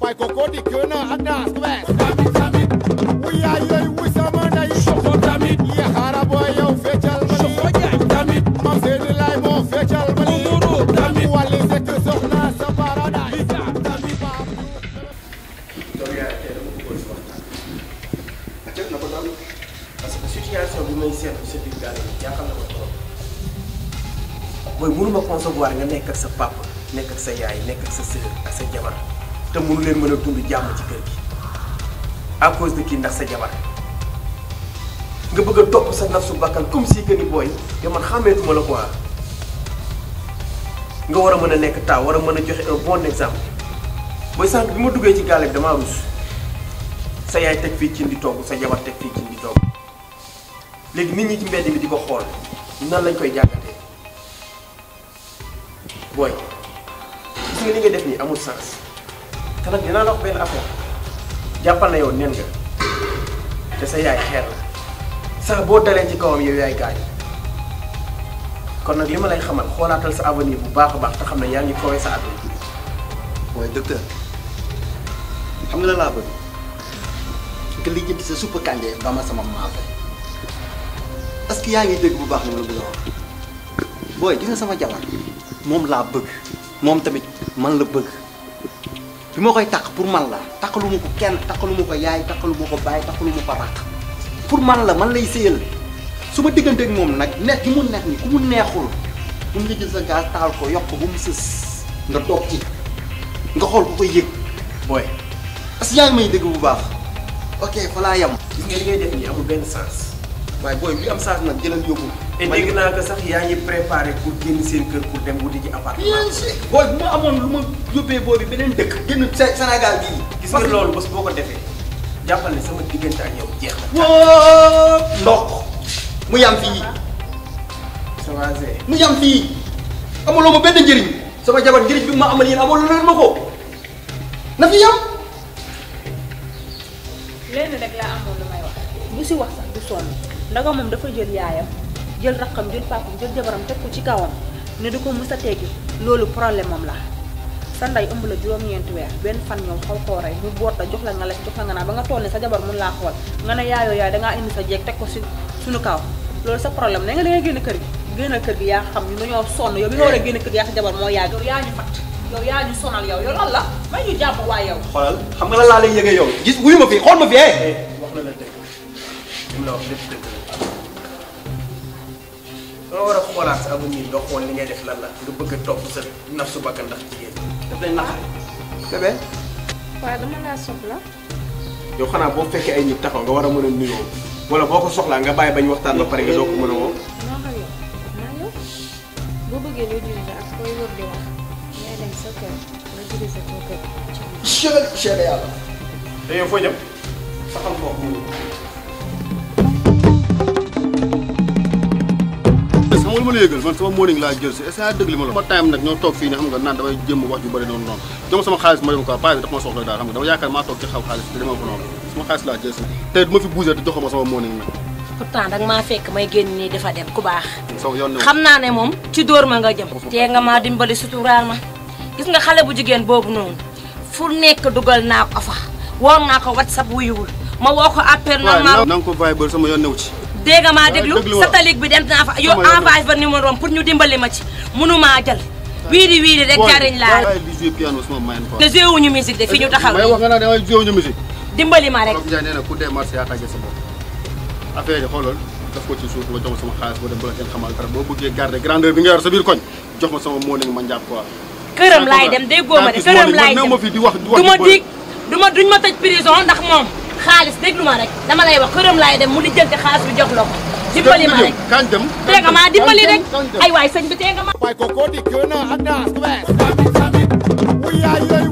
Mai kokodi kuna adas west. We are you with some and I shoko damit. Yeah, haraboy yo fechal mani. Shoko jai damit. Mam se ni lai mo fechal mani. Umuru damit. Wale se tu sokna sa paradise. sa wata. Atek na kodam. Parce que situation bi mooy mënuma concevoir nga nekk ak sa papa nekk ak sa yaay nekk ak sa sœur ak sa jabar. te leen mën a dund jàmm ci kër gi à cause de kii ndax sa jabar nga bëgg a topp sa nafsu bakkan comme si que ni booy te man xàmmeetuma la quoi nga war a mën a nekk taaw war a mën a joxe un bon exemple booy sant bi ma duggee ci gaale bi damaa rus sa yaay teg fii cin di togg sa jabar teg fii cin di togg léegi nit ñi ci mbedd bi di ko xool nan lañ koy jàngatee booy gis nga li nga def nii amul sens. te dina dinaa la wax benn affaire jàppal na yow nen nga te sa yaay xeer la sax boo dalee ci kawam yow yaay gaañ kon nag li ma lay xamal xoolaatal sa avenir bu baax a baax te xam ne yaa ngi fooy sa avenir. waaye docteur xam nga la laa bëgg nga lijjanti sa suppa kànje ba ma sama maafe est-ce eh. que yaa ngi dégg bu baax ni ma la bëgg a wax booy gis nga sama jabar moom laa bëgg moom tamit man la bëgg. bi ma koy takk pour man la takkalu ma ko kenn takkalu ma ko yaay takkalu ma ko baay takkalu ma ko rakk pour man la man lay séyal su ma diggante moom nag nekk gi mu nekk ni ku mu neexul mun nga jël sa gaz taal ko yokk ko ba mu sës nga toog ci nga xool ku ko yëg booy parce que yaa may dégg bu baax ok fa laa yem. gis nga li ngay def nii amul benn sens waaye booy bi am sens nag jëlal yóbbu. et dégg naa ko sax yaa ngi préparé pour génn seen kër pour dem wuti ji appartement. bien sûr booy bu ma amoon lu ma yóbbee boobu beneen dëkk. génn Sénégal bii. gis nga loolu bés boo ko defee jàppal ne sama diggante ak yow jeex na. woo ndox mu yam fii. mu yam fii amaloo ma benn njëriñ sama jabar njëriñ bi ma amal yéen amaloo leen ma ko na fi yam. lenn rek laa amoon lu may wax bu si wax sax du sonn ndaga moom dafa jël yaayam. jël rakkam jël papam jël jabaram teg ko ci kawam ne du ko mës a teggi loolu problème am la sa ndey ëmb la juróom-ñeenti weer benn fan ñoom xaw koo rey ñu boot la jox la nga lekk jox la nga naan ba nga toll ne sa jabar mun laa xool nga ne yaayoo yaay dangaa indi sa jeeg teg ko si suñu kaw loolu sa problème ne nga da ngay génn kër gi génnal kër gi yaa xam ñu dañoo sonn yow bi nga war a génn kër gi yaa sa jabar moo yàgg yow yaa ñu fat yow yaa ñu sonal yow la may ñu jàpp waay yow xam nga la laa lay yëgee yow gis wuyu ma fii eh! eh, xool la dëgg li mu nga war a xoolaat avenir nga xool li ngay def lan la nga bëgg a topp sa nafsu bakkan ndax jigéen daf lay naqari bébé waaw dama laa soxla yow xanaa boo fekkee ay nit taxaw nga war a mën a nuyoo wala boo ko soxlaa nga bàyyi bañ waxtaan ba pare nga doo ko mën a woo boo bëggee loo jëlee ak koy wër di wax ngay dem sa kër nga jëlee sa kër. chéri chéri yàlla. te yow foo jëm sa xam kooku mënu ma la yëgal man sama morning laa jël si est-ce que dëgg li ma la sama time nag ñoo toog fii ma dem quoi paa bi dafa ma soxla daal xam nii xam naa ne moom ci dóor ma nga jëm tee nga maa dimbali suturaal ma gis nga xale bu jigéen boobu noonu fu nekk dugal naa ko fa woor naa ko whatsapp wuyuwul ma woo ko appel na ma na nga ko sama yoon new ci dégg nga maa déglu satellite bi dem naa fa yow envoyé ba numéro am pour ñu dimbali ma ci mënumaa jël. wiiri wiiri rek jariñ laa. ne joué wuñu musique may na xaalis boo dem ba la kenn grandeur bi nga yor sa biir koñ jox ma sama mooning ma njàpp quoi. këram laay dem day góoma de këram laay dem du ma dig duñ ma tëj prison ndax moom xaalis déglu ma rek dama lay wax këram laay dem mu lijjanti xaalis bi jox la ko. dimbali ma rek kan dem rek ay waay sëñ bi tee nga ma waay ko ko di gën a andaas wees tamit tamit wu yaay yooyu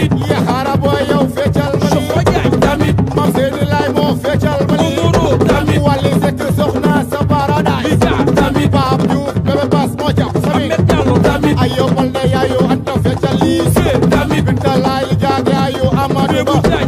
yi xaara boo yow feccal ma soxo jaay tamit mam seeni laay li jaar tamit baab juuf ba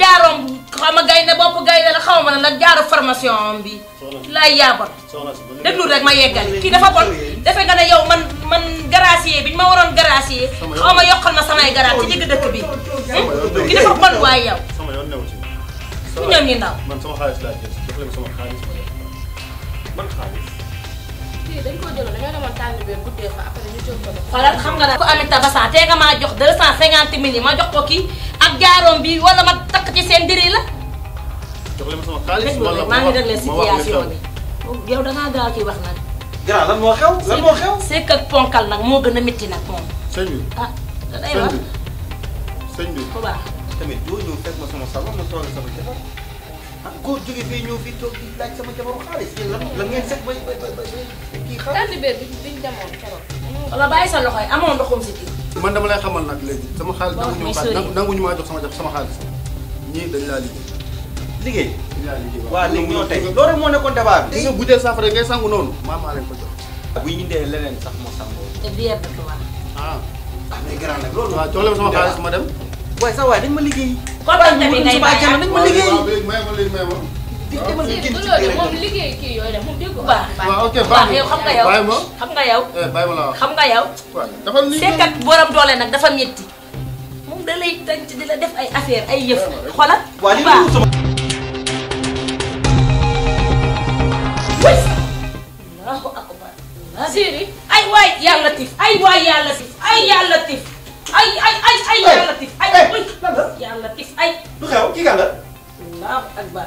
jaaroom xaw ma gaynde bopp gaynde la xaw ma ne nag jaaro formation bi. laay yaabar. déglu rek ma yeggal kii dafa bon. defe nga ne yow man man gracier bi ñu ma waroon gracier xaw ma yokkal ma samay garaat ci digg dëkk bi. kii dafa bon waaye yow. ku ñoom ñi ndaw. man sama xaalis laa jël jox leen sama xaalis ma man xaalis. dañ koo jëloon dañoo demoon tànn bi guddee fa après xam nga nag ko amit tabasan nga maa jox deux cent cinquante mille ma jox ko kii ak jaaroom bi wala ma takk ci seen diri la jox leen ma sama xaalis bi yow dangaa gaaw ci wax nag grand lan moo xew lan moo xew sekk ak ponkal nag moo gën a métti nag moom sëñ bi ah da day wax sëñ bi bu baax tamit doo ñëw fekk ma sama salon ma toog sama jabar ah koo jógee fii ñëw fii toog di tànn beer bi biñ demoon keroog. wala sa loxo yi amoon ndoxum si kii. man dama lay xamal nag léegi sama xaalis nanguñu maa jox sama jox sama xaalis ñii dañ laa liggéey. liggéey. waaw léegi ñoo tey loolu rek moo nekkoon débat bi. nga butéel saafara ngay sangu noonu. maam maa leen ko jox. bu ñu indee leneen sax moo sangoo. te biir bi ko wax. ah. ah mais grand nag loolu. waaw jox leen sama xaalis ma dem. waaye sax waaye dañ ma liggéey. kon tamit ngay bàyyi waaw waaw léegi may ma léegi may ma. di demal di génn ci kii moom liggéey kii yooyu de moom dégg ko baax. waaw ok baax yow xam nga yow xam nga yow. bàyyi ma la xam nga yow. dafa sekkat borom doole nag dafa métti. moom da lay tànc di la def ay affaire ay yëf xoolal. waaw Siri ay waay yàlla tif ay waay yàlla tif ay yàlla tif ay ay ay ay yàlla tif ay yàlla tif ay. du xew kii kan la. Allahu akbar.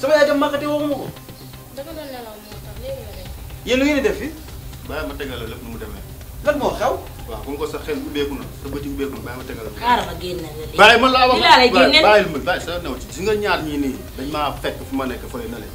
sama yaay dem màkkati waxuma ko. dama doon nelaw moo la yéen lu ngeen def fii. bàyyi ma tegal la lépp nu mu demee. lan moo xew. waaw comme ko sa xel ubbeeku na sa bët ubbeeku na bàyyi ma tegal la. xaaral ma génne la léegi. bàyyi ma wax bàyyi bàyyi sa new ci gis nga ñaar ñii nii dañ maa fekk fu ma nekk fële na leen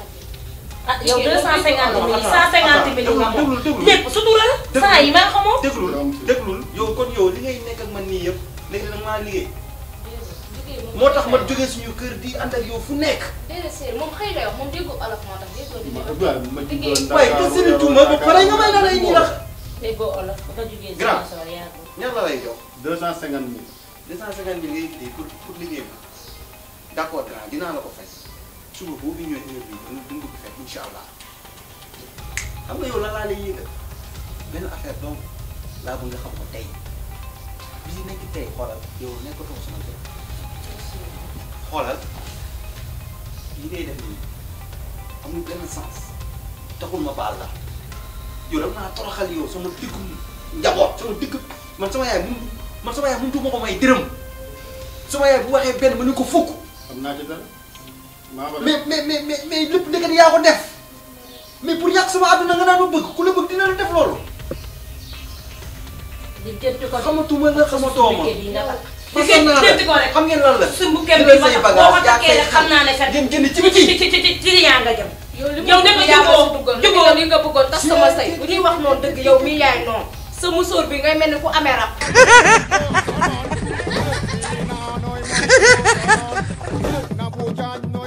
ak ah, yow 250 mille 150 mille nga moom lépp sutura la saa yi ma li ngay nekk ak yëpp léegi nag moo tax ma jógee suñu kër di ànd ak fu nekk. déedéet moom xëy na moo tax déggoo ma ba pare nga may la lay ñuy wax. déggoo olof ba jógee. grand ñaar la lay jox. pour pour liggéey ma. d'accord grand dinaa la ko fay. suba boo fi ñëwee interview bi dina dina fekk incha allah xam nga yow lan laa lay yëgal benn affaire donc laa bëgg nga xam ko tey bi nekk tey xoolal yow nekkatoo sama kër li ngay def benn sens ma baal la yow dama naa toroxal yow sama dëkk njaboot sama dëkk man sama yaay mun man sama yaay mënutuma ko may dërëm sama yaay bu waxee benn ma ni ko fukk. am naa ci mais mais mais mais lépp ndeket yaa ko def mais pour yàq sama àdduna nga naan ma bëgg ku la bëgg dina la def loolu. di jënd ko xamatuma la xamatoo ma. xam ngeen lan la. suñu bukkee bi ma boo ko takkee rek xam naa ne kat. jëm jënd ci ci ci ci ci yaa nga jëm. yow nekk jubóo jubóo li nga bëggoon tas sama say bu ñuy wax noonu dëgg yow mi yaay noonu sa musóor bi ngay mel ni ku amee rab.